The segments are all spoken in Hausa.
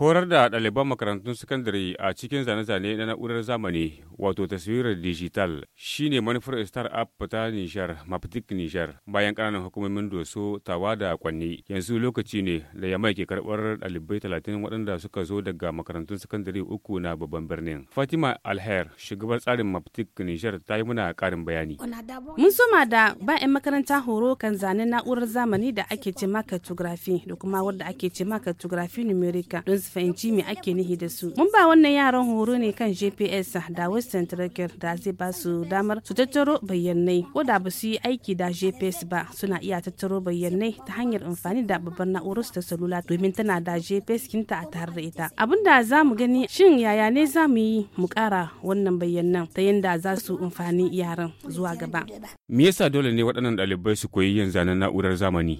horar da ɗaliban makarantun sakandare a cikin zane-zane na na'urar zamani wato taswirar digital shine manufar star up ta nishar mafitik nishar bayan ƙananan hukumomin doso tawa da kwanni yanzu lokaci ne da yamma ke karɓar ɗalibai talatin waɗanda suka zo daga makarantun sakandare uku na babban birnin fatima alher shugabar tsarin mafitik nishar ta yi muna ƙarin bayani mun soma da bayan makaranta horo kan zane na'urar zamani da ake ce ma cartography da kuma wadda ake ce ma cartography numerica don fahimci me ake nihi da su mun ba wannan yaran horo ne kan gps da western tracker da zai ba su damar su tattaro bayanai ko da ba su yi aiki da gps ba suna iya tattaro bayanai ta hanyar amfani da babbar na'urar ta salula domin tana da gps kinta a tare da ita abin da za mu gani shin yaya ne za mu yi mu kara wannan bayanan ta yadda za su amfani yaran zuwa gaba me yasa dole ne waɗannan ɗalibai su koyi yin zanen na'urar zamani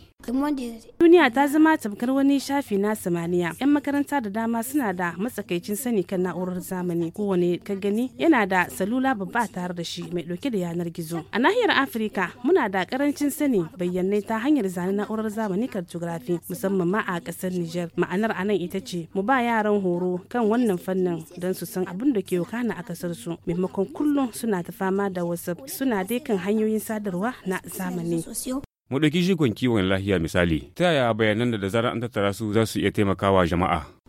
duniya ta zama tamkar wani shafi na samaniya 'yan makaranta da dama suna da matsakaicin sani kan na'urar zamani kowane ka gani yana da salula babba tare da shi mai dauke da yanar gizo a nahiyar afirka muna da karancin sani bayyanai ta hanyar zane na'urar zamani cartography musamman ma a kasar niger ma'anar anan ita ce mu ba yaran horo kan wannan fannin don su san abin da ke wakana a kasar su maimakon kullum suna ta fama da wasu suna dai kan hanyoyin sadarwa na zamani mu ɗauki shigon kiwon lahiya misali ta yaya bayanan da da zarar an tattara su za su iya taimakawa jama'a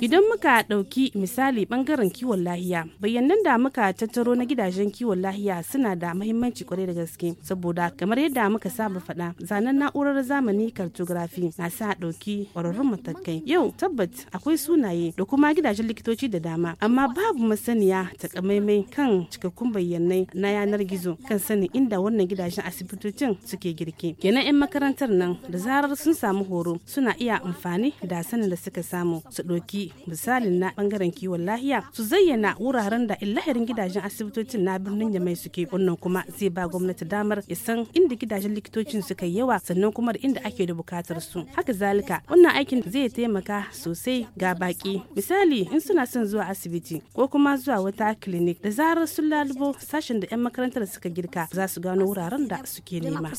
Idan muka ɗauki misali ɓangaren kiwon lahiya, bayanan da muka tattaro na gidajen kiwon lahiya suna da mahimmanci kwarai da gaske saboda kamar yadda muka saba faɗa zanen na'urar zamani cartography na sa ɗauki ƙwararrun matakai. Yau tabbat akwai sunaye da kuma gidajen likitoci da dama amma babu masaniya takamaimai kan cikakkun bayanai na yanar gizo kan sanin inda wannan gidajen asibitocin suke girki Kenan 'yan makarantar nan da zarar sun samu horo suna iya amfani da sanin da suka samu su ɗauki misalin na bangaren kiwon lahiya su zayyana wuraren da illahirin gidajen asibitocin na birnin mai suke wannan kuma zai ba gwamnati damar ya san inda gidajen likitocin suka yi yawa sannan kuma da inda ake da bukatar su haka zalika wannan aikin zai taimaka sosai ga baki misali in suna son zuwa asibiti ko kuma zuwa wata clinic da zarar sun lalubo sashen da 'yan makarantar suka girka za su gano wuraren da suke nema